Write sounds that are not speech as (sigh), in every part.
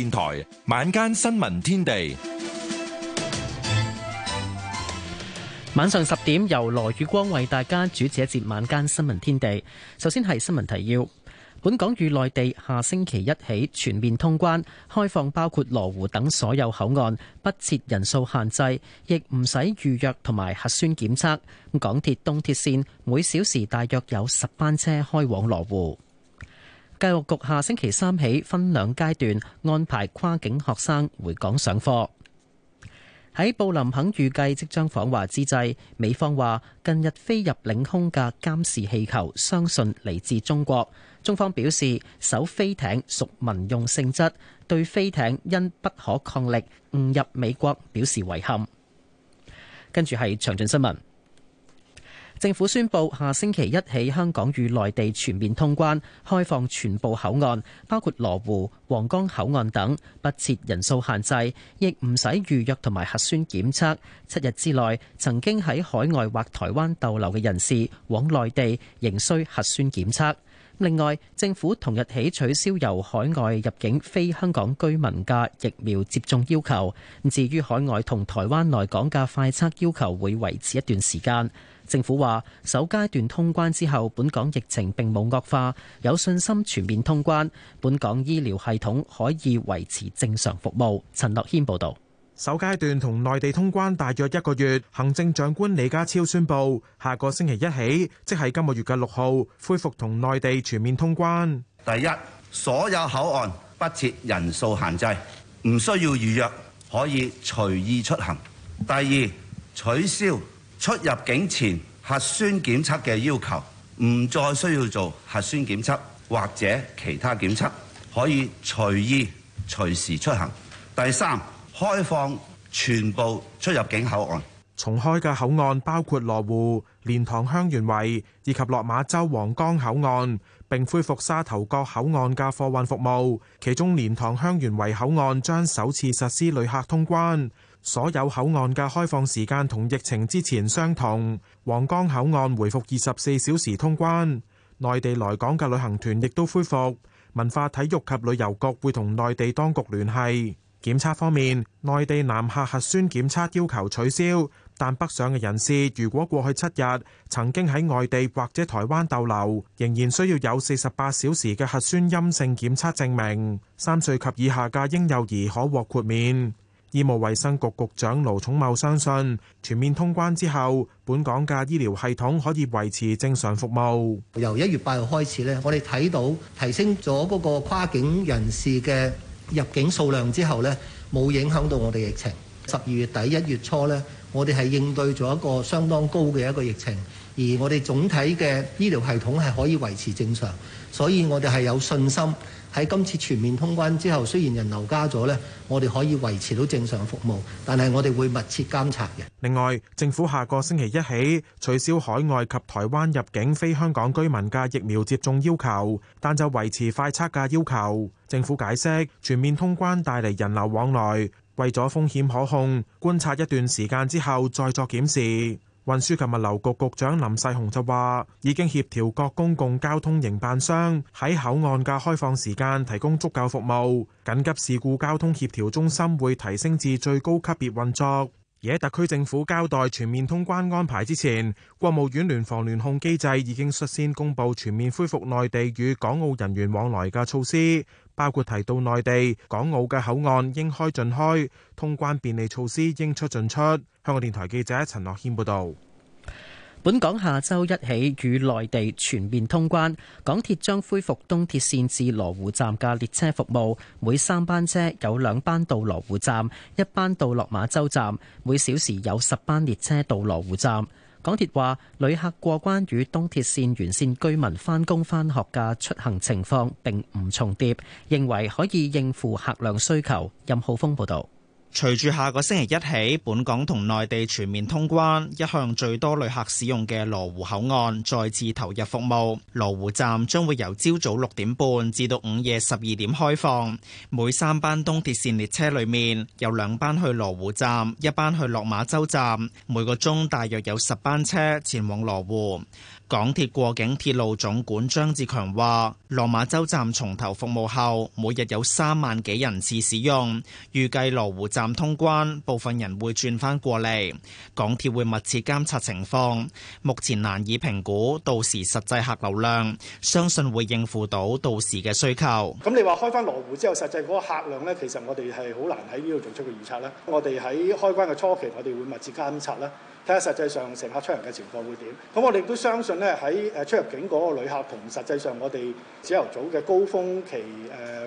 電台晚間新聞天地，晚上十點由羅宇光為大家主持一節晚間新聞天地。首先係新聞提要：本港與內地下星期一起全面通關，開放包括羅湖等所有口岸，不設人數限制，亦唔使預約同埋核酸檢測。港鐵東鐵綫每小時大約有十班車開往羅湖。教育局下星期三起分兩階段安排跨境學生回港上課。喺布林肯預計即將訪華之際，美方話近日飛入領空嘅監視氣球，相信嚟自中國。中方表示，首飛艇屬民用性質，對飛艇因不可抗力誤入美國表示遺憾。跟住係詳盡新聞。政府宣布，下星期一起，香港與內地全面通關開放全部口岸，包括羅湖、皇崗口岸等，不設人數限制，亦唔使預約同埋核酸檢測，七日之內曾經喺海外或台灣逗留嘅人士往內地，仍需核酸檢測。另外，政府同日起取消由海外入境非香港居民嘅疫苗接種要求。至於海外同台灣來港嘅快測要求，會維持一段時間。政府話，首階段通關之後，本港疫情並冇惡化，有信心全面通關。本港醫療系統可以維持正常服務。陳樂謙報導。首階段同內地通關大約一個月，行政長官李家超宣布，下個星期一起，即係今個月嘅六號，恢復同內地全面通關。第一，所有口岸不設人數限制，唔需要預約，可以隨意出行。第二，取消出入境前核酸檢測嘅要求，唔再需要做核酸檢測或者其他檢測，可以隨意隨時出行。第三。開放全部出入境口岸，重開嘅口岸包括羅湖、蓮塘香園圍以及落馬洲皇崗口岸，並恢復沙頭角口岸嘅貨運服務。其中蓮塘香園圍口岸將首次實施旅客通關，所有口岸嘅開放時間同疫情之前相同。皇崗口岸恢復二十四小時通關，內地來港嘅旅行團亦都恢復。文化體育及旅遊局會同內地當局聯繫。檢測方面，內地南下核酸檢測要求取消，但北上嘅人士如果過去七日曾經喺外地或者台灣逗留，仍然需要有四十八小時嘅核酸陰性檢測證明。三歲及以下嘅嬰幼兒可獲豁免。醫務衛生局局長盧寵茂相信，全面通關之後，本港嘅醫療系統可以維持正常服務。由一月八號開始呢，我哋睇到提升咗嗰個跨境人士嘅。入境數量之後呢，冇影響到我哋疫情。十二月底一月初呢，我哋係應對咗一個相當高嘅一個疫情，而我哋總體嘅醫療系統係可以維持正常，所以我哋係有信心喺今次全面通關之後，雖然人流加咗呢，我哋可以維持到正常服務，但係我哋會密切監察嘅。另外，政府下個星期一起取消海外及台灣入境非香港居民嘅疫苗接種要求，但就維持快測嘅要求。政府解釋全面通關帶嚟人流往來，為咗風險可控，觀察一段時間之後再作檢視。運輸及物流局局長林世雄就話：已經協調各公共交通營辦商喺口岸嘅開放時間提供足夠服務。緊急事故交通協調中心會提升至最高級別運作。而喺特區政府交代全面通關安排之前，國務院聯防聯控機制已經率先公布全面恢復內地與港澳人員往來嘅措施。包括提到內地、港澳嘅口岸應開盡開，通關便利措施應出盡出。香港電台記者陳樂謙報道。本港下周一起與內地全面通關，港鐵將恢復東鐵綫至羅湖站嘅列車服務，每三班車有兩班到羅湖站，一班到落馬洲站，每小時有十班列車到羅湖站。港鐵話：旅客過關與東鐵線沿線居民返工返學嘅出行情況並唔重疊，認為可以應付客量需求。任浩峰報導。隨住下個星期一起，本港同內地全面通關，一向最多旅客使用嘅羅湖口岸再次投入服務。羅湖站將會由朝早六點半至到午夜十二點開放，每三班東鐵線列車裏面有兩班去羅湖站，一班去落馬洲站，每個鐘大約有十班車前往羅湖。港鐵過境鐵路總管張志強話：落馬洲站重頭服務後，每日有三萬幾人次使用。預計羅湖站通關，部分人會轉翻過嚟，港鐵會密切監察情況。目前難以評估，到時實際客流量，相信會應付到到時嘅需求。咁你話開翻羅湖之後，實際嗰個客量呢？其實我哋係好難喺呢度做出個預測咧。我哋喺開關嘅初期，我哋會密切監察咧。睇下實際上乘客出入嘅情況會點，咁我哋都相信咧喺出入境嗰個旅客，同實際上我哋朝頭早嘅高峰期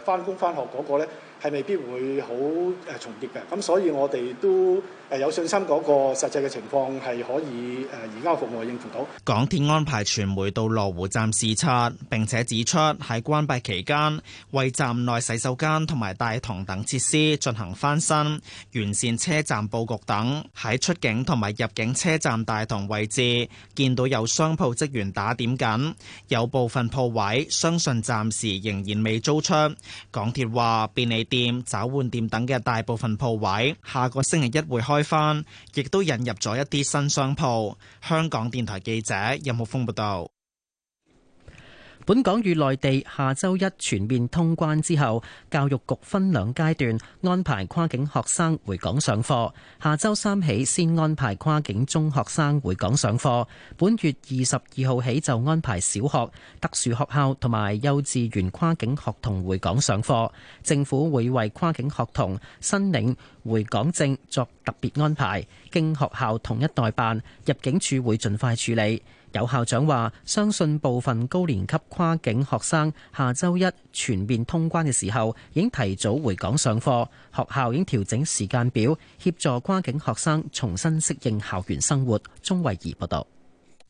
返工返學嗰個咧。係未必會好誒重疊嘅，咁所以我哋都誒有信心嗰個實際嘅情況係可以誒而家服務應付到。港鐵安排傳媒到羅湖站視察，並且指出喺關閉期間，為站內洗手間同埋大堂等設施進行翻新、完善車站佈局等。喺出境同埋入境車站大堂位置，見到有商鋪職員打點緊，有部分鋪位相信暫時仍然未租出。港鐵話便利店、找換店等嘅大部分鋪位，下個星期一會開翻，亦都引入咗一啲新商鋪。香港電台記者任浩峰報道。本港與內地下周一全面通關之後，教育局分兩階段安排跨境學生回港上課。下週三起先安排跨境中學生回港上課，本月二十二號起就安排小學、特殊學校同埋幼稚園跨境學童回港上課。政府會為跨境學童申領回港證作特別安排，經學校統一代辦，入境處會盡快處理。有校長話，相信部分高年級跨境學生下周一全面通關嘅時候，已經提早回港上課。學校已經調整時間表，協助跨境學生重新適應校園生活。鍾慧儀報道。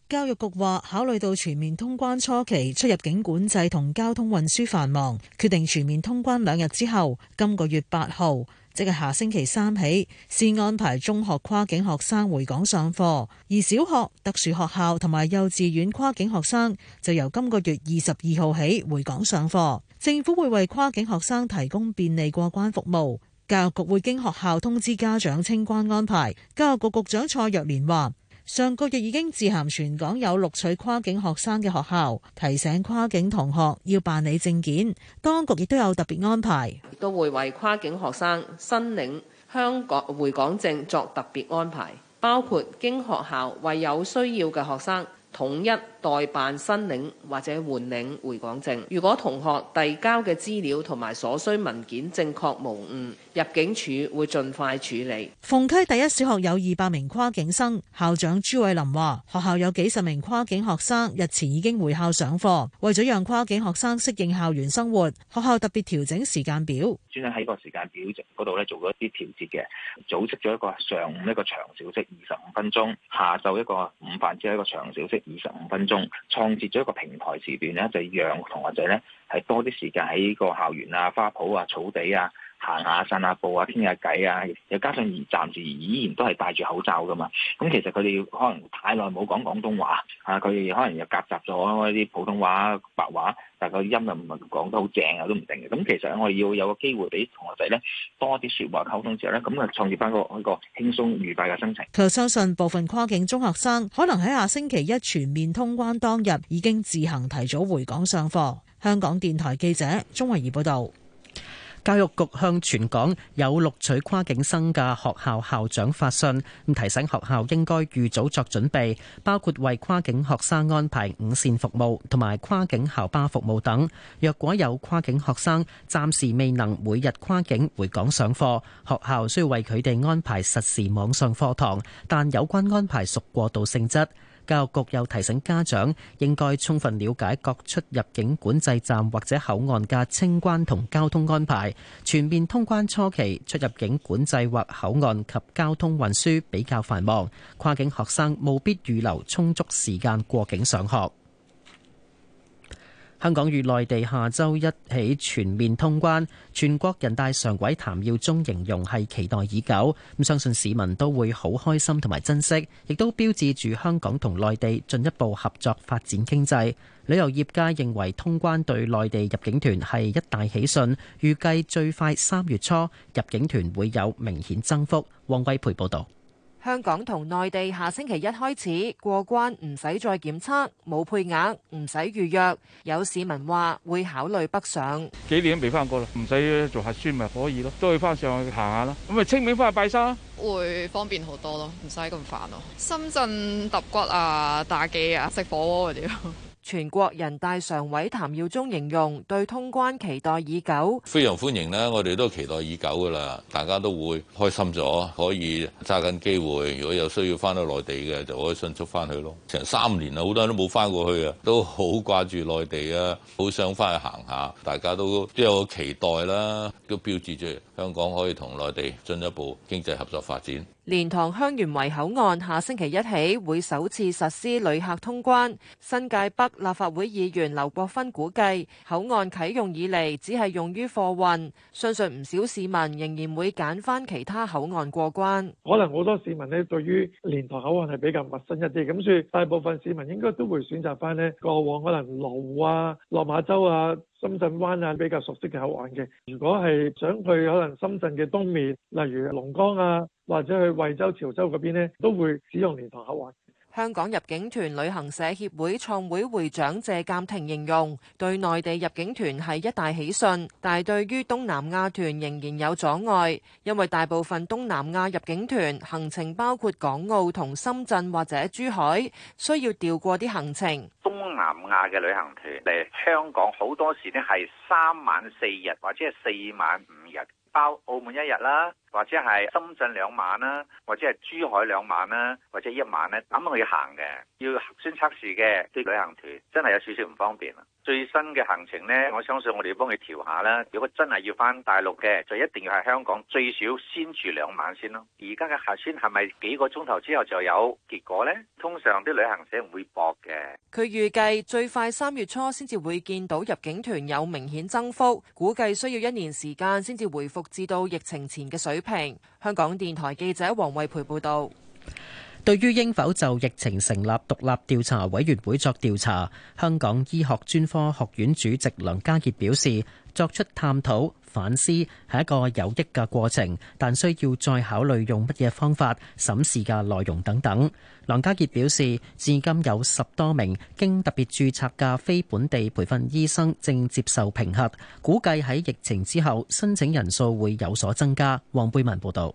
教育局話，考慮到全面通關初期出入境管制同交通運輸繁忙，決定全面通關兩日之後，今個月八號。即係下星期三起，先安排中學跨境學生回港上課，而小學、特殊學校同埋幼稚園跨境學生就由今個月二十二號起回港上課。政府會為跨境學生提供便利過關服務。教育局會經學校通知家長清關安排。教育局局長蔡若蓮話。上個月已經致函全港有錄取跨境學生嘅學校，提醒跨境同學要辦理證件。當局亦都有特別安排，亦都會為跨境學生申領香港回港證作特別安排，包括經學校為有需要嘅學生統一。代辦申領或者換領回港證，如果同學遞交嘅資料同埋所需文件正確無誤，入境處會盡快處理。鳳溪第一小學有二百名跨境生，校長朱偉林話學校有幾十名跨境學生，日前已經回校上課，為咗讓跨境學生適應校園生活，學校特別調整時間表。專登喺個時間表嗰度咧做咗一啲調節嘅，組織咗一個上午一個長小息二十五分鐘，下晝一個午飯之後一個長小息二十五分鐘。仲創設咗一個平台時段咧，就是讓同學仔咧係多啲時間喺個校園啊、花圃啊、草地啊。行下、散下步啊，傾下偈啊，又加上而暫時而依然都係戴住口罩噶嘛，咁其實佢哋可能太耐冇講廣東話啊，佢哋可能又夾雜咗一啲普通話、白話，但個音又唔係講得好正，我都唔定嘅。咁其實我係要有個機會俾同學仔咧多啲説話溝通之後咧，咁啊，創建翻個一個輕鬆愉快嘅心情。佢相信部分跨境中學生可能喺下星期一全面通關當日已經自行提早回港上課。香港電台記者鍾慧儀報道。教育局向全港有錄取跨境生嘅學校校長發信，咁提醒學校應該預早作準備，包括為跨境學生安排午膳服務同埋跨境校巴服務等。若果有跨境學生暫時未能每日跨境回港上課，學校需要為佢哋安排實時網上課堂，但有關安排屬過渡性質。教育局又提醒家長應該充分了解各出入境管制站或者口岸嘅清關同交通安排。全面通關初期，出入境管制或口岸及交通運輸比較繁忙，跨境學生務必預留充足時間過境上學。香港與內地下週一起全面通關，全國人大常委譚耀宗形容係期待已久，咁相信市民都會好開心同埋珍惜，亦都標誌住香港同內地進一步合作發展經濟。旅遊業界認為通關對內地入境團係一大喜訊，預計最快三月初入境團會有明顯增幅。黃威培報導。香港同內地下星期一開始過關唔使再檢測，冇配額，唔使預約。有市民話會考慮北上，幾年都未翻過啦，唔使做核酸咪可以咯，都去以翻上去行下啦。咁咪清明翻去拜山、啊、會方便好多咯，唔使咁煩咯、啊。深圳揼骨啊，打機啊，食火鍋嗰啲咯。 (laughs) 全國人大常委譚耀宗形容對通關期待已久，非常歡迎咧，我哋都期待已久噶啦，大家都會開心咗，可以揸緊機會。如果有需要翻到內地嘅，就可以迅速翻去咯。成三年啦，好多人都冇翻過去啊，都好掛住內地啊，好想翻去行下，大家都都有個期待啦，都標誌住香港可以同內地進一步經濟合作發展。蓮塘香園圍口岸下星期一起會首次實施旅客通關。新界北立法會議員劉國芬估計，口岸啟用以嚟只係用於貨運，相信唔少市民仍然會揀翻其他口岸過關。可能好多市民咧，對於蓮塘口岸係比較陌生一啲，咁所以大部分市民應該都會選擇翻，咧過往可能羅湖啊、落馬洲啊、深圳灣啊比較熟悉嘅口岸嘅。如果係想去可能深圳嘅東面，例如龍崗啊。或者去惠州、潮州嗰邊咧，都會使用蓮塘口岸。香港入境團旅行社協會創會會長謝鑑庭形容，對內地入境團係一大喜訊，但係對於東南亞團仍然有阻礙，因為大部分東南亞入境團行程包括港澳同深圳或者珠海，需要調過啲行程。東南亞嘅旅行團嚟香港，好多時咧係三晚四日或者係四晚五。包澳門一日啦，或者係深圳兩晚啦，或者係珠海兩晚啦，或者一晚咧，咁去行嘅要核酸測試嘅啲旅行團，真係有少少唔方便啊！最新嘅行程呢，我相信我哋要幫佢調下啦。如果真係要翻大陸嘅，就一定要喺香港最少先住兩晚先咯。而家嘅核酸係咪幾個鐘頭之後就有結果呢？通常啲旅行社唔會搏嘅。佢預計最快三月初先至會見到入境團有明顯增幅，估計需要一年時間先至回復至到疫情前嘅水平。香港電台記者黃慧培報道。對於應否就疫情成立獨立調查委員會作調查，香港醫學專科學院主席梁家傑表示，作出探討反思係一個有益嘅過程，但需要再考慮用乜嘢方法、審視嘅內容等等。梁家傑表示，至今有十多名經特別註冊嘅非本地培訓醫生正接受評核，估計喺疫情之後申請人數會有所增加。黃貝文報導。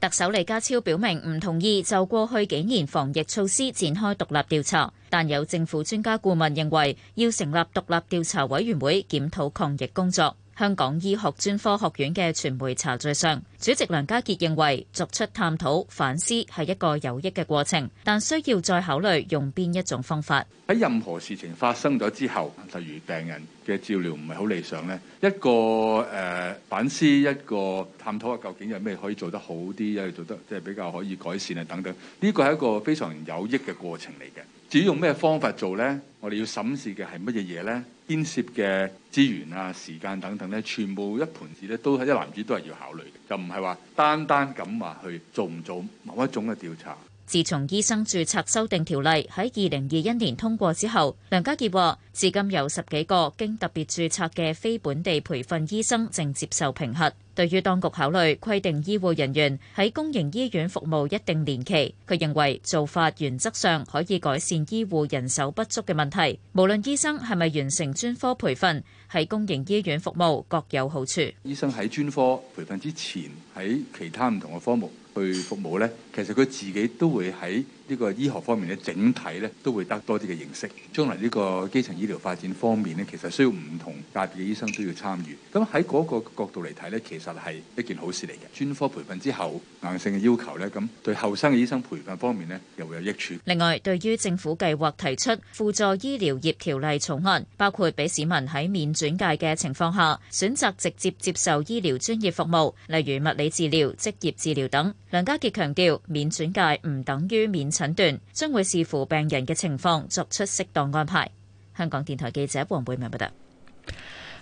特首李家超表明唔同意就過去幾年防疫措施展開獨立調查，但有政府專家顧問認為要成立獨立調查委員會檢討抗疫工作。香港醫學專科學院嘅傳媒茶敘上，主席梁家傑認為作出探討反思係一個有益嘅過程，但需要再考慮用邊一種方法。喺任何事情發生咗之後，例如病人嘅照料唔係好理想咧，一個誒、呃、反思一個探討下，究竟有咩可以做得好啲，有做得即係比較可以改善啊等等，呢個係一個非常有益嘅過程嚟嘅。至於用咩方法做咧，我哋要審視嘅係乜嘢嘢咧？牽涉嘅資源啊、時間等等呢，全部一盤子呢，都係一男子都係要考慮嘅，就唔係話單單咁話去做唔做某一種嘅調查。自從醫生註冊修訂條例喺二零二一年通過之後，梁家傑話，至今有十幾個經特別註冊嘅非本地培訓醫生正接受評核。對於當局考慮規定醫護人員喺公營醫院服務一定年期，佢認為做法原則上可以改善醫護人手不足嘅問題。無論醫生係咪完成專科培訓，喺公營醫院服務，各有好處，服務各有好處。醫生喺專科培訓之前喺其他唔同嘅科目去服務呢，其實佢自己都會喺呢個醫學方面咧，整體咧都會得多啲嘅認識，將來呢個基層醫療發展方面咧，其實需要唔同界別嘅醫生都要參與，咁喺嗰個角度嚟睇咧，其實，係一件好事嚟嘅。專科培訓之後硬性嘅要求咧，咁對後生嘅醫生培訓方面咧，又會有益處。另外，對於政府計劃提出輔助醫療業條例草案，包括俾市民喺免轉介嘅情況下，選擇直接接受醫療專，專業服務，例如物理治療職業治療等。梁家傑強調，免轉介唔等於免診斷將會視乎病人嘅情況作出適當安排。香港電台記者黃貝明報道。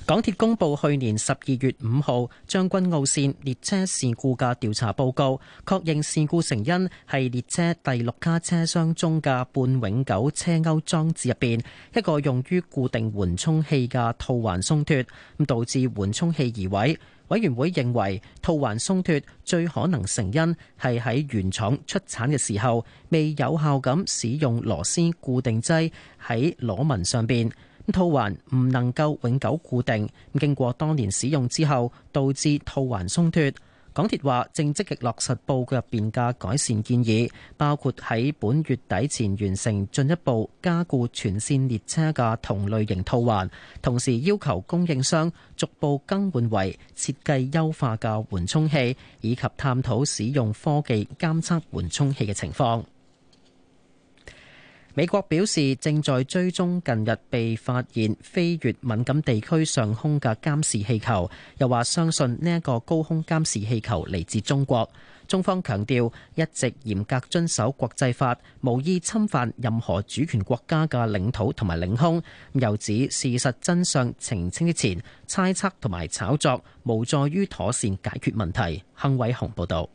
港鐵公布去年十二月五號將軍澳綫列車事故嘅調查報告，確認事故成因係列車第六架車廂中嘅半永久車鈎裝置入邊一個用於固定緩衝器嘅套環鬆脱，咁導致緩衝器移位。委員會認為，套環鬆脱最可能成因係喺原廠出產嘅時候，未有效咁使用螺絲固定劑喺螺紋上邊，套環唔能夠永久固定。經過多年使用之後，導致套環鬆脱。港鐵話正積極落實報告入面嘅改善建議，包括喺本月底前完成進一步加固全線列車嘅同類型套環，同時要求供應商逐步更換為設計優化嘅緩衝器，以及探討使用科技監測緩衝器嘅情況。美國表示正在追蹤近日被發現飛越敏感地區上空嘅監視氣球，又話相信呢一個高空監視氣球嚟自中國。中方強調一直嚴格遵守國際法，無意侵犯任何主權國家嘅領土同埋領空。又指事實真相澄清之前，猜測同埋炒作無助於妥善解決問題。幸偉雄報道。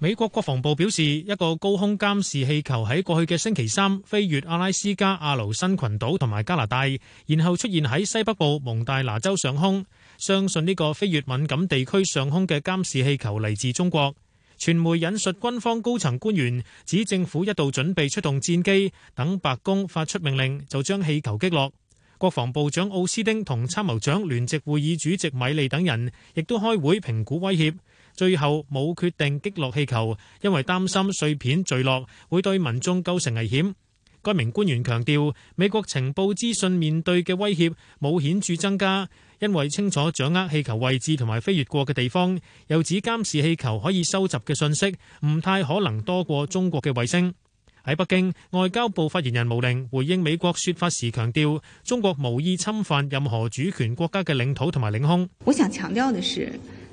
美國國防部表示，一個高空監視氣球喺過去嘅星期三飛越阿拉斯加、阿留申群島同埋加拿大，然後出現喺西北部蒙大拿州上空。相信呢個飛越敏感地區上空嘅監視氣球嚟自中國。傳媒引述軍方高層官員指，政府一度準備出動戰機，等白宮發出命令就將氣球擊落。國防部長奧斯丁同參謀長聯席會議主席米利等人亦都開會評估威脅。最後冇決定擊落氣球，因為擔心碎片墜落，會對民眾構成危險。該名官員強調，美國情報資訊面對嘅威脅冇顯著增加，因為清楚掌握氣球位置同埋飛越過嘅地方，又指監視氣球可以收集嘅信息唔太可能多過中國嘅衛星。喺北京，外交部發言人毛寧回應美國說法時強調，中國無意侵犯任何主權國家嘅領土同埋領空。我想強調的是。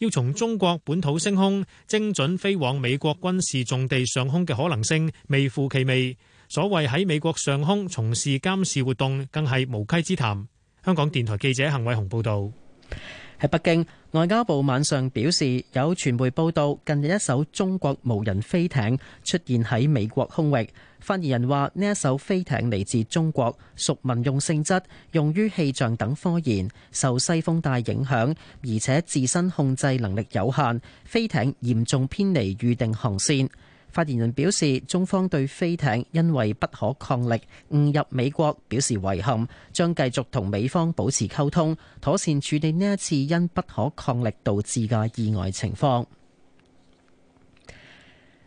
要從中國本土升空，精準飛往美國軍事重地上空嘅可能性，微乎其微。所謂喺美國上空從事監視活動，更係無稽之談。香港電台記者陳偉雄報導。喺北京，外交部晚上表示，有傳媒報道近日一艘中國無人飛艇出現喺美國空域。發言人話，呢一艘飛艇嚟自中國，屬民用性質，用於氣象等科研，受西風帶影響，而且自身控制能力有限，飛艇嚴重偏離預定航線。發言人表示，中方對飛艇因為不可抗力誤入美國表示遺憾，將繼續同美方保持溝通，妥善處理呢一次因不可抗力導致嘅意外情況。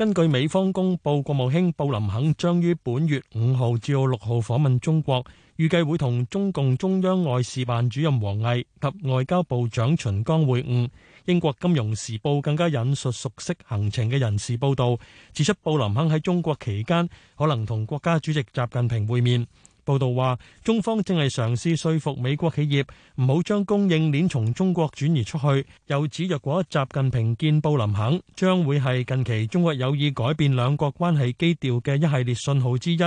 根據美方公佈，國務卿布林肯將於本月五號至六號訪問中國，預計會同中共中央外事辦主任王毅及外交部長秦剛會晤。英國金融時報更加引述熟悉行程嘅人士報導，指出布林肯喺中國期間可能同國家主席習近平會面。報道話，中方正係嘗試說服美國企業唔好將供應鏈從中國轉移出去。又指，若果習近平見布林肯，將會係近期中國有意改變兩國關係基調嘅一系列信號之一。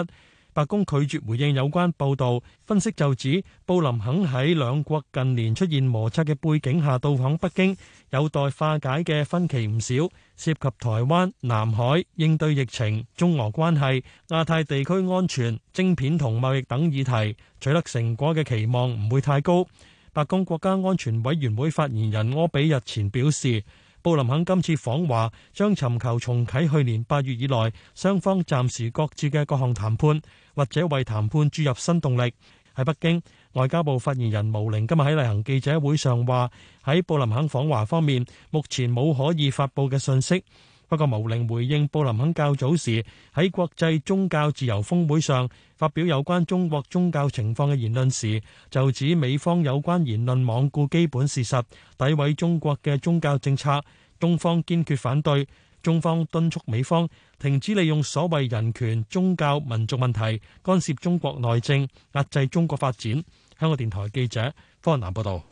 白宮拒絕回應有關報道，分析就指，布林肯喺兩國近年出現摩擦嘅背景下到訪北京，有待化解嘅分歧唔少，涉及台灣、南海、應對疫情、中俄關係、亞太地區安全、晶片同貿易等議題，取得成果嘅期望唔會太高。白宮國家安全委員會發言人柯比日前表示，布林肯今次訪華將尋求重啟去年八月以來雙方暫時擱置嘅各項談判或者為談判注入新動力。喺北京，外交部發言人毛寧今日喺例行記者會上話：喺布林肯訪華方面，目前冇可以發布嘅信息。不過，毛寧回應布林肯較早時喺國際宗教自由峰會上發表有關中國宗教情況嘅言論時，就指美方有關言論罔顧基本事實，詆毀中國嘅宗教政策，中方堅決反對。中方敦促美方停止利用所謂人權、宗教、民族問題干涉中國內政、壓制中國發展。香港電台記者方南報道。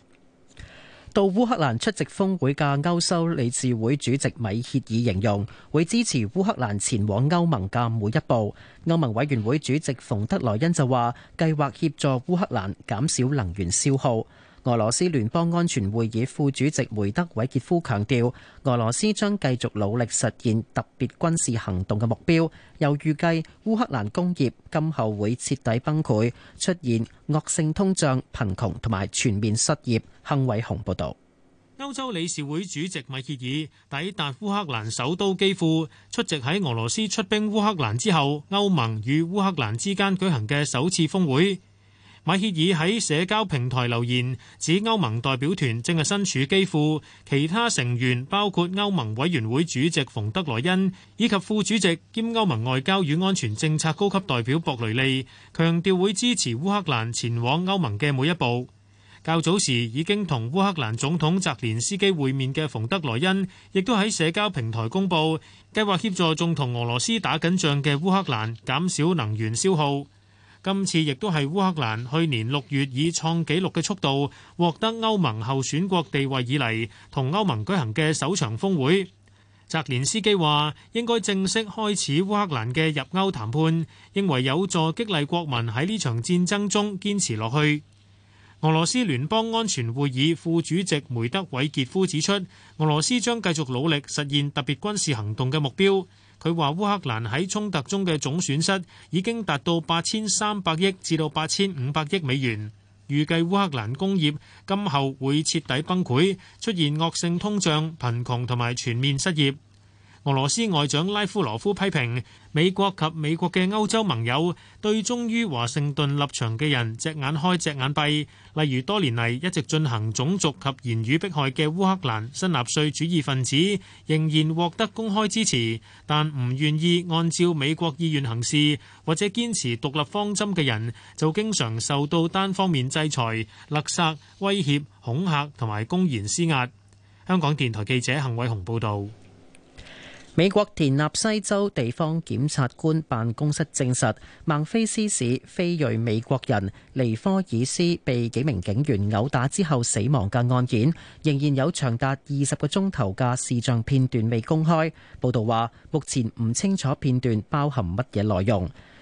到烏克蘭出席峯會嘅歐洲理事會主席米歇爾形容，會支持烏克蘭前往歐盟嘅每一步。歐盟委員會主席馮德萊恩就話，計劃協助烏克蘭減少能源消耗。俄羅斯聯邦安全會議副主席梅德韋傑夫強調，俄羅斯將繼續努力實現特別軍事行動嘅目標，又預計烏克蘭工業今後會徹底崩潰，出現惡性通脹、貧窮同埋全面失業。幸偉雄報導。歐洲理事會主席米歇爾抵達烏克蘭首都基輔，出席喺俄羅斯出兵烏克蘭之後，歐盟與烏克蘭之間舉行嘅首次峰會。米歇爾喺社交平台留言，指歐盟代表團正係身處基輔，其他成員包括歐盟委員會主席馮德萊恩以及副主席兼歐盟外交與安全政策高級代表博雷利，強調會支持烏克蘭前往歐盟嘅每一步。較早時已經同烏克蘭總統澤連斯基會面嘅馮德萊恩，亦都喺社交平台公布，計劃協助仲同俄羅斯打緊仗嘅烏克蘭減少能源消耗。今次亦都係烏克蘭去年六月以創紀錄嘅速度獲得歐盟候選國地位以嚟，同歐盟舉行嘅首場峰會。澤連斯基話應該正式開始烏克蘭嘅入歐談判，認為有助激勵國民喺呢場戰爭中堅持落去。俄羅斯聯邦安全會議副主席梅德韋傑夫指出，俄羅斯將繼續努力實現特別軍事行動嘅目標。佢話：烏克蘭喺衝突中嘅總損失已經達到八千三百億至到八千五百億美元，預計烏克蘭工業今後會徹底崩潰，出現惡性通脹、貧窮同埋全面失業。俄羅斯外長拉夫羅夫批評美國及美國嘅歐洲盟友對忠於華盛頓立場嘅人隻眼開隻眼閉，例如多年嚟一直進行種族及言語迫害嘅烏克蘭新納粹主義分子，仍然獲得公開支持，但唔願意按照美國意願行事，或者堅持獨立方針嘅人就經常受到單方面制裁、勒殺、威脅、恐嚇同埋公然施壓。香港電台記者幸偉紅報道。美國田納西州地方檢察官辦公室證實，孟菲斯市菲裔美國人尼科爾斯被幾名警員毆打之後死亡嘅案件，仍然有長達二十個鐘頭嘅視像片段未公開。報道話，目前唔清楚片段包含乜嘢內容。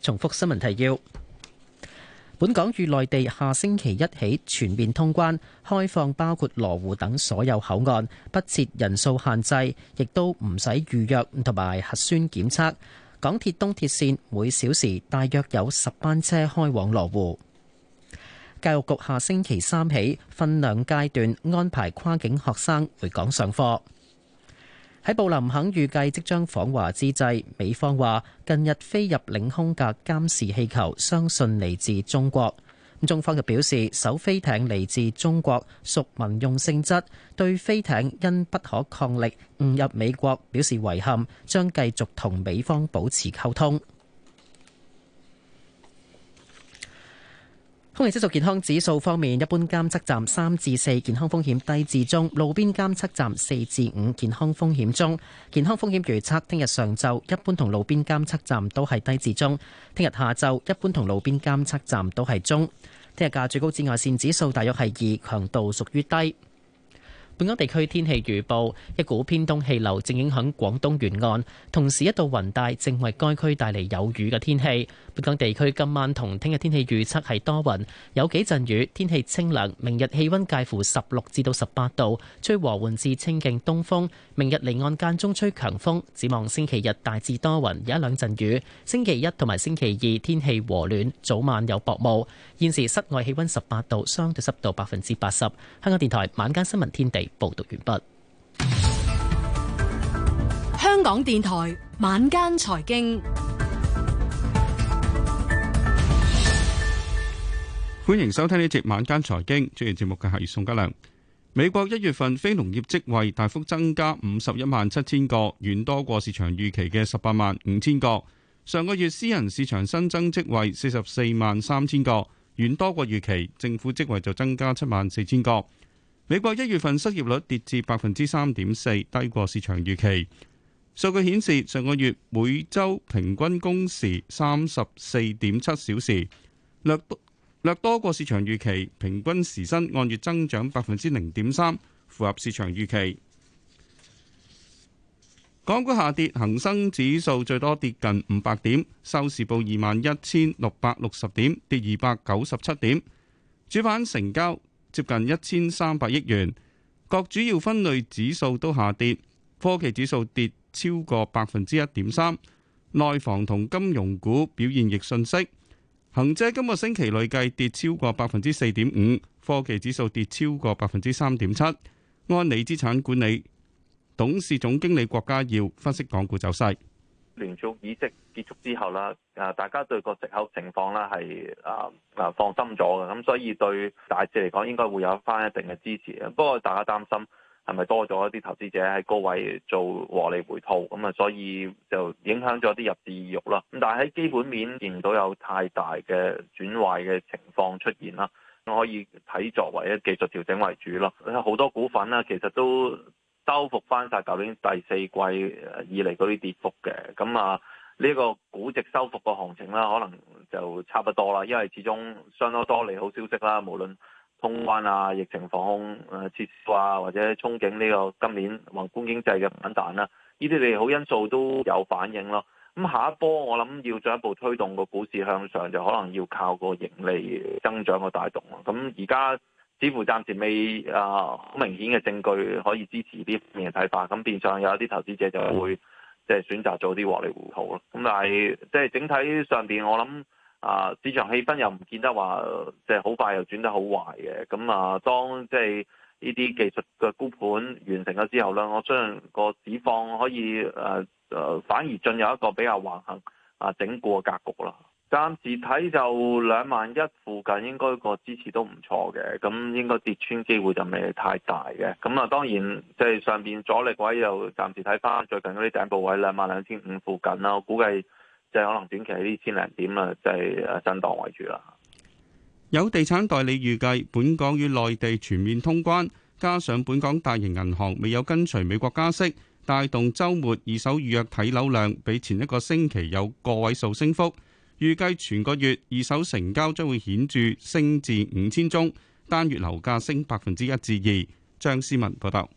重複新聞提要：本港與內地下星期一起全面通關開放，包括羅湖等所有口岸，不設人數限制，亦都唔使預約同埋核酸檢測。港鐵東鐵線每小時大約有十班車開往羅湖。教育局下星期三起分兩階段安排跨境學生回港上課。喺布林肯預計即將訪華之際，美方話近日飛入領空嘅監視氣球，相信嚟自中國，中方就表示，首飛艇嚟自中國屬民用性質，對飛艇因不可抗力誤入美國表示遺憾，將繼續同美方保持溝通。空氣質素健康指數方面，一般監測站三至四，健康風險低至中；路邊監測站四至五，健康風險中。健康風險預測：聽日上晝一般同路邊監測站都係低至中；聽日下晝一般同路邊監測站都係中。聽日嘅最高紫外線指數大約係二，強度屬於低。本港地區天氣預報：一股偏東氣流正影響廣東沿岸，同時一道雲帶正為該區帶嚟有雨嘅天氣。本港地區今晚同聽日天氣預測係多雲，有幾陣雨，天氣清涼。明日氣溫介乎十六至到十八度，吹和緩至清勁東風。明日離岸間中吹強風。展望星期日大致多雲，有一兩陣雨。星期一同埋星期二天氣和暖，早晚有薄霧。現時室外氣溫十八度，相對濕度百分之八十。香港電台晚間新聞天地報道完畢。香港電台晚間財經，歡迎收聽呢節晚間財經。主持節目嘅係宋家良。美國一月份非農業職位大幅增加五十一萬七千個，遠多過市場預期嘅十八萬五千個。上個月私人市場新增職位四十四萬三千個。遠多過預期，政府職位就增加七萬四千個。美國一月份失業率跌至百分之三點四，低過市場預期。數據顯示，上個月每周平均工時三十四點七小時，略多，略多過市場預期。平均時薪按月增長百分之零點三，符合市場預期。港股下跌，恒生指數最多跌近五百點，收市報二萬一千六百六十點，跌二百九十七點。主板成交接近一千三百億元，各主要分類指數都下跌，科技指數跌超過百分之一點三，內房同金融股表現亦遜色。恒指今個星期累計跌超過百分之四點五，科技指數跌超過百分之三點七，安理資產管理，董事總經理郭家耀分析港股走勢，聯儲議息結束之後啦，誒，大家對個息口情況啦係啊，誒放心咗嘅，咁所以對大市嚟講應該會有翻一定嘅支持啊。不過大家擔心係咪多咗一啲投資者喺高位做獲利回吐咁啊，所以就影響咗啲入市意欲啦。咁但係喺基本面見唔到有太大嘅轉壞嘅情況出現啦，我可以睇作為一技術調整為主咯。好多股份啦，其實都。收復翻晒舊年第四季以嚟嗰啲跌幅嘅，咁啊呢個估值修復個行情啦，可能就差唔多啦，因為始終相當多利好消息啦，無論通關啊、疫情防控誒措施啊，或者憧憬呢個今年宏觀經濟嘅唔反彈啦，呢啲利好因素都有反應咯。咁下一波我諗要進一步推動個股市向上，就可能要靠個盈利增長個帶動咯。咁而家。似乎暫時未啊，好、呃、明顯嘅證據可以支持啲咁嘅睇法，咁變相有一啲投資者就會即係、就是、選擇做啲獲利回吐咯。咁但係即係整體上邊，我諗啊、呃，市場氣氛又唔見得話即係好快又轉得好壞嘅。咁啊、呃，當即係呢啲技術嘅沽盤完成咗之後咧，我相信個市況可以誒誒、呃，反而進入一個比較橫行啊、呃、整固嘅格局啦。暫時睇就兩萬一附近，應該個支持都唔錯嘅。咁應該跌穿機會就未太大嘅。咁啊，當然即係上邊阻力位又暫時睇返最近嗰啲頂部位兩萬兩千五附近啦。我估計即係可能短期喺呢千零點啊，即係誒震盪為主啦。有地產代理預計，本港與內地全面通關，加上本港大型銀行未有跟隨美國加息，帶動週末二手預約睇樓量比前一個星期有個位數升幅。預計全個月二手成交將會顯著升至五千宗，單月樓價升百分之一至二。張思文報道，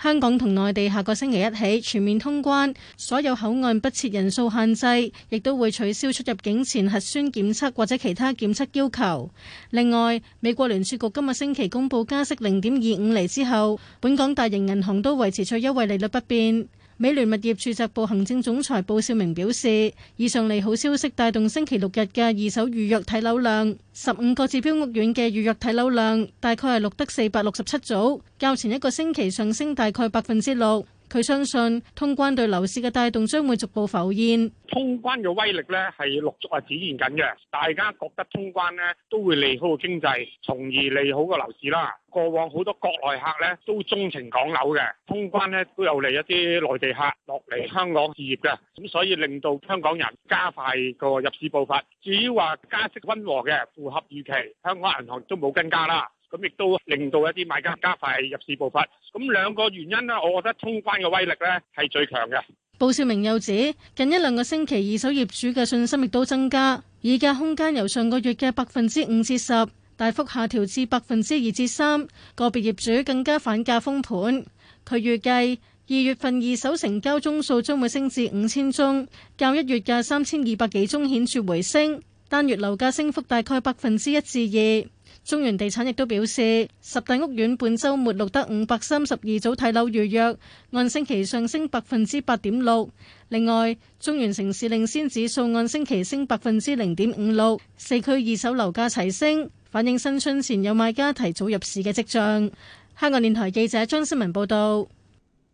香港同內地下個星期一起全面通關，所有口岸不設人數限制，亦都會取消出入境前核酸檢測或者其他檢測要求。另外，美國聯儲局今個星期公布加息零點二五厘之後，本港大型銀行都維持最優惠利率不變。美聯物業住宅部行政總裁布少明表示，以上利好消息帶動星期六日嘅二手預約睇樓量，十五個指標屋苑嘅預約睇樓量大概係錄得四百六十七組，較前一個星期上升大概百分之六。佢相信通關對樓市嘅帶動將會逐步浮現，通關嘅威力咧係陸續啊展現緊嘅。大家覺得通關咧都會利好經濟，從而利好個樓市啦。過往好多國內客咧都鍾情港樓嘅，通關咧都有嚟一啲內地客落嚟香港置業嘅，咁所以令到香港人加快個入市步伐。至於話加息溫和嘅，符合預期，香港銀行都冇跟加啦。咁亦都令到一啲買家加快入市步伐。咁兩個原因咧，我覺得通關嘅威力咧係最強嘅。布少明又指，近一兩個星期二手業主嘅信心亦都增加，議價空間由上個月嘅百分之五至十大幅下調至百分之二至三。個別業主更加反價封盤。佢預計二月份二手成交宗數將會升至五千宗，較一月嘅三千二百幾宗顯著回升。單月樓價升幅大概百分之一至二。中原地產亦都表示，十大屋苑本周末錄得五百三十二組睇樓預約，按星期上升百分之八點六。另外，中原城市領先指數按星期升百分之零點五六，四區二手樓價齊升，反映新春前有買家提早入市嘅跡象。香港電台記者張思文報道。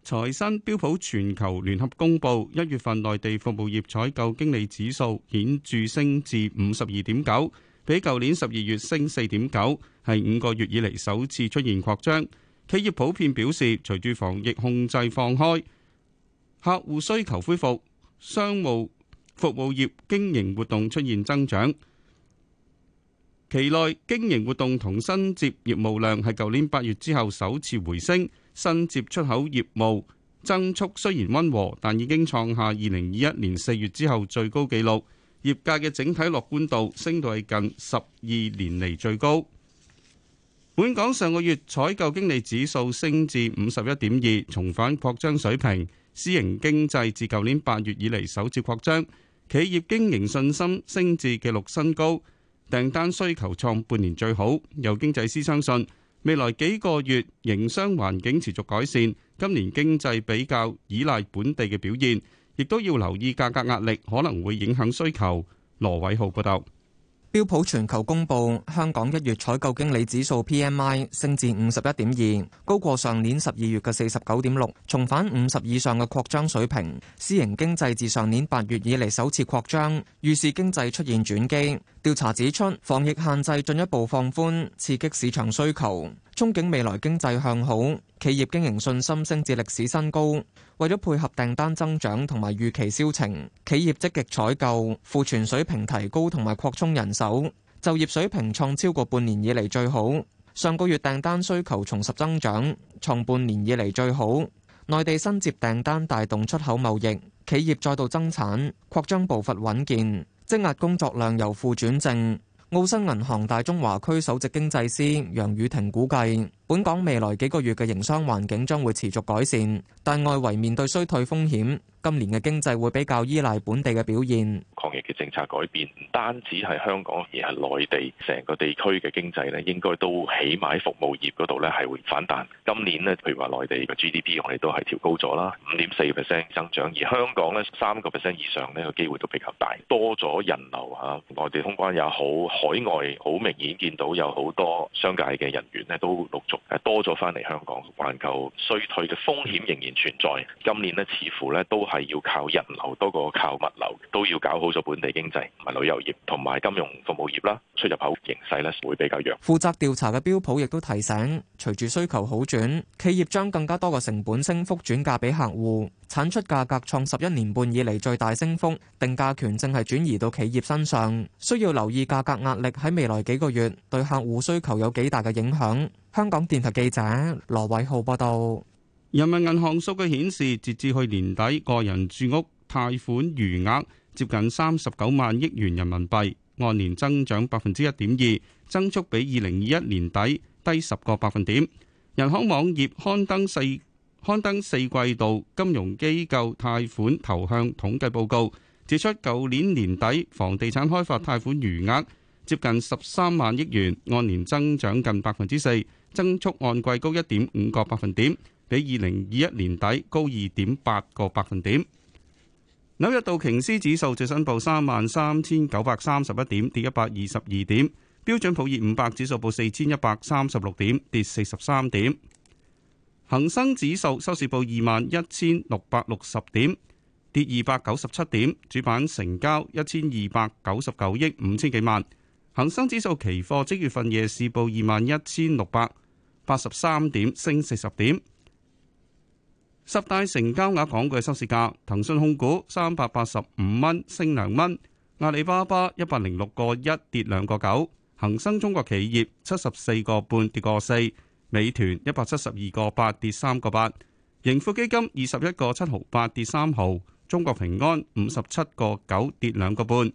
財新標普全球聯合公布，一月份內地服務業採購經理指數顯著升至五十二點九。比舊年十二月升四點九，係五個月以嚟首次出現擴張。企業普遍表示，隨住防疫控制放開，客戶需求恢復，商務服務業經營活動出現增長。期內經營活動同新接業務量係舊年八月之後首次回升，新接出口業務增速雖然温和，但已經創下二零二一年四月之後最高紀錄。業界嘅整體樂觀度升到係近十二年嚟最高。本港上個月採購經理指數升至五十一點二，重返擴張水平。私營經濟自舊年八月以嚟首次擴張，企業經營信心升至紀錄新高，訂單需求創半年最好。有經濟師相信，未來幾個月營商環境持續改善，今年經濟比較依賴本地嘅表現。亦都要留意價格壓力，可能會影響需求。羅偉浩報道，標普全球公布香港一月採購經理指數 PMI 升至五十一點二，高過上年十二月嘅四十九點六，重返五十以上嘅擴張水平。私營經濟自上年八月以嚟首次擴張，預示經濟出現轉機。調查指出，防疫限制進一步放寬，刺激市場需求。憧憬未來經濟向好，企業經營信心升至歷史新高。為咗配合訂單增長同埋預期銷情，企業積極採購、庫存水平提高同埋擴充人手，就業水平創超過半年以嚟最好。上個月訂單需求重拾增長，創半年以嚟最好。內地新接訂單帶動出口貿易，企業再度增產、擴張步伐穩健，積壓工作量由負轉正。澳新銀行大中華區首席經濟師楊雨婷估計，本港未來幾個月嘅營商環境將會持續改善，但外圍面對衰退風險，今年嘅經濟會比較依賴本地嘅表現。抗疫嘅政策改變唔單止係香港，而係內地成個地區嘅經濟咧，應該都起碼喺服務業嗰度咧係會反彈。今年呢，譬如話內地嘅 GDP 我哋都係調高咗啦，五點四 percent 增長，而香港呢三個 percent 以上呢個機會都比較大，多咗人流嚇、啊，外地通關也好，海外好明顯見到有好多商界嘅人員咧都陸續。多咗返嚟香港，環球衰退嘅風險仍然存在。今年咧，似乎咧都係要靠人流多過靠物流，都要搞好咗本地經濟同埋旅遊業，同埋金融服務業啦。出入口形勢咧會比較弱。負責調查嘅標普亦都提醒，隨住需求好轉，企業將更加多嘅成本升幅轉嫁俾客戶，產出價格創十一年半以嚟最大升幅，定價權正係轉移到企業身上，需要留意價格壓力喺未來幾個月對客戶需求有幾大嘅影響。香港電台記者羅偉浩報道：人民銀行數據顯示，截至去年底，個人住屋貸款餘額接近三十九萬億元人民幣，按年增長百分之一點二，增速比二零二一年底低十個百分點。銀行網頁刊登四刊登四季度金融機構貸款投向統計報告，指出舊年年底房地產開發貸款餘額接近十三萬億元，按年增長近百分之四。增速按季高一點五個百分點，比二零二一年底高二點八個百分點。紐約道瓊斯指數最新報三萬三千九百三十一點，跌一百二十二點，標準普爾五百指數報四千一百三十六點，跌四十三點。恒生指數收市報二萬一千六百六十點，跌二百九十七點，主板成交一千二百九十九億五千幾萬。恒生指數期貨即月份夜市報二萬一千六百。八十三點升四十點，十大成交額港股嘅收市價：騰訊控股三百八十五蚊升兩蚊，阿里巴巴一百零六個一跌兩個九，恒生中國企業七十四個半跌個四，美團一百七十二個八跌三個八，盈富基金二十一個七毫八跌三毫，中國平安五十七個九跌兩個半，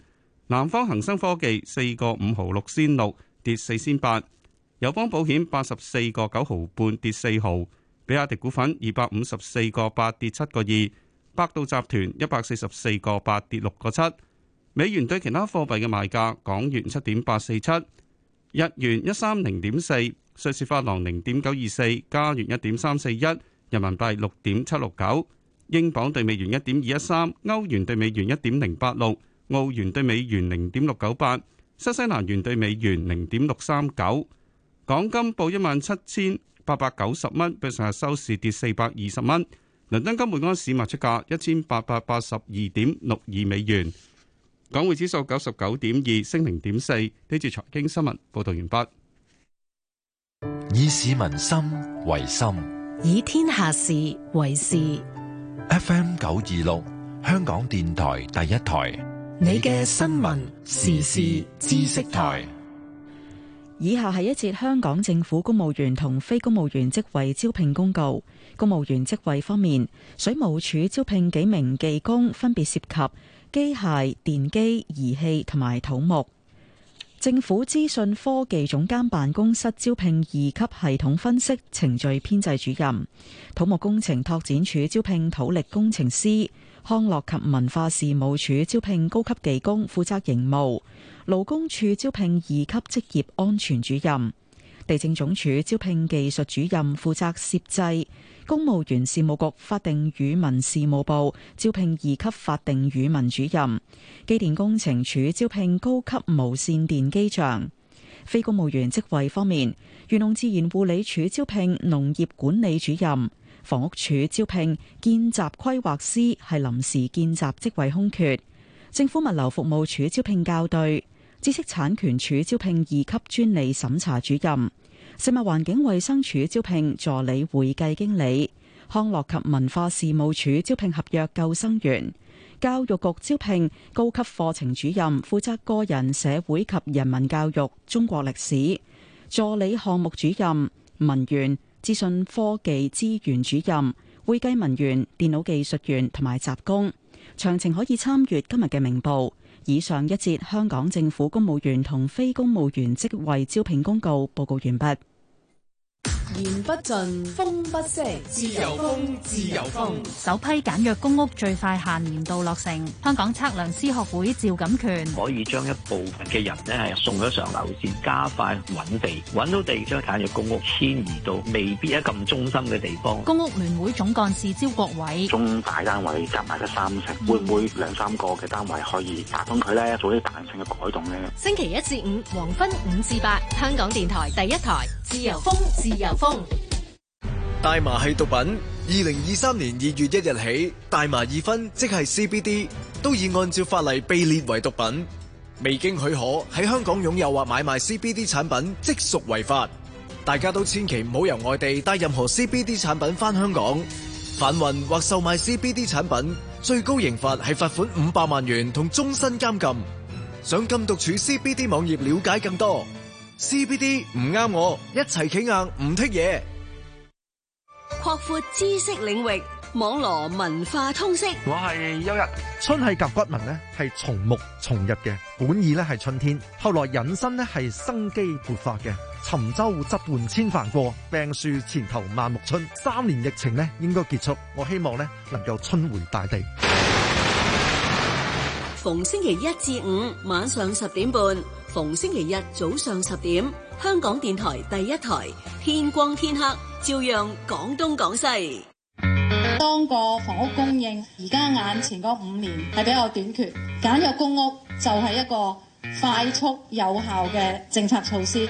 南方恒生科技四個五毫六仙六跌四仙八。友邦保險八十四個九毫半跌四毫，比亞迪股份二百五十四個八跌七個二，百度集團一百四十四個八跌六個七。美元對其他貨幣嘅賣價：港元七點八四七，日元一三零點四，瑞士法郎零點九二四，加元一點三四一，人民幣六點七六九，英鎊兌美元一點二一三，歐元兌美元一點零八六，澳元兌美元零點六九八，新西蘭元兌美元零點六三九。港金報一萬七千八百九十蚊，比上日收市跌四百二十蚊。倫敦金每安士賣出價一千八百八十二點六二美元。港匯指數九十九點二升零點四。呢段財經新聞報道完畢。以市民心為心，以天下事為事。F M 九二六，香港電台第一台。你嘅新聞時事知識台。以下係一節香港政府公務員同非公務員職位招聘公告。公務員職位方面，水務署招聘幾名技工，分別涉及機械、電機、儀器同埋土木。政府資訊科技總監辦公室招聘二級系統分析程序編製主任。土木工程拓展署招聘土力工程師。康樂及文化事務署招聘高級技工，負責營務；勞工處招聘二級職業安全主任；地政總署招聘技術主任，負責攝製，公務員事務局法定語文事務部招聘二級法定語文主任；機電工程署招聘高級無綫電機匠；非公務員職位方面，漁農自然護理署招聘農業管理主任。房屋署招聘見習規劃師，係臨時見習職位空缺。政府物流服務署招聘校對。知識產權署招聘二級專利審查主任。食物環境衛生署招聘助理會計經理。康樂及文化事務署招聘合約救生員。教育局招聘高級課程主任，負責個人、社會及人民教育、中國歷史、助理項目主任、文員。資訊科技資源主任、會計文員、電腦技術員同埋雜工，詳情可以參閱今日嘅明報。以上一節香港政府公務員同非公務員職位招聘公告報告完畢。言不盡，風不息，自由風，自由風。首批簡約公屋最快下年度落成。香港測量師學會趙錦權，可以將一部分嘅人咧係送咗上樓先，加快搵地，搵到地將簡約公屋遷移到未必一咁中心嘅地方。公屋聯會總幹事招國偉，中大單位夾埋得三成，嗯、會唔會兩三個嘅單位可以打通佢咧，做啲彈性嘅改動咧？星期一至五黃昏五至八，香港電台第一台。自由風，自由風。大麻係毒品。二零二三年二月一日起，大麻二酚即係 CBD，都已按照法例被列為毒品。未經許可喺香港擁有或買賣 CBD 產品，即屬違法。大家都千祈唔好由外地帶任何 CBD 產品返香港。販運或售賣 CBD 產品，最高刑罰係罰款五百萬元同終身監禁。想禁毒處 CBD 網頁了解更多。CBD 唔啱我，一齊企硬唔剔嘢。擴闊知識領域，網羅文化通識。我係邱日。春係甲骨文呢係從木從日嘅本意呢係春天。後來引申呢係生機勃發嘅。沉舟側畔千帆過，病樹前頭萬木春。三年疫情呢應該結束，我希望呢能夠春回大地。逢星期一至五晚上十點半。逢星期日早上十點，香港電台第一台，天光天黑，照樣講東講西。當個房屋供應而家眼前嗰五年係比較短缺，簡約公屋就係一個快速有效嘅政策措施。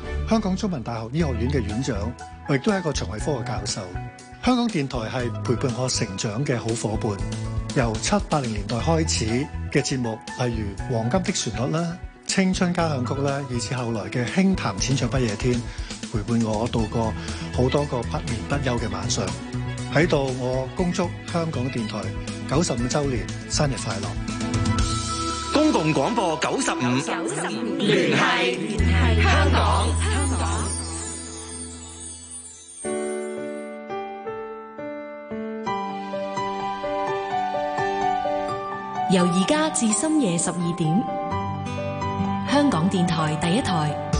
香港中文大學醫學院嘅院長，亦都係一個腸胃科嘅教授。香港電台係陪伴我成長嘅好伙伴。由七八零年代開始嘅節目，例如《黃金的旋律》啦，《青春交響曲》啦，以至後來嘅《輕談淺唱不夜天》，陪伴我度過好多個不眠不休嘅晚上。喺度，我恭祝香港電台九十五周年生日快樂。公共廣播九十五，聯繫香港。香港由而家至深夜十二點，香港電台第一台。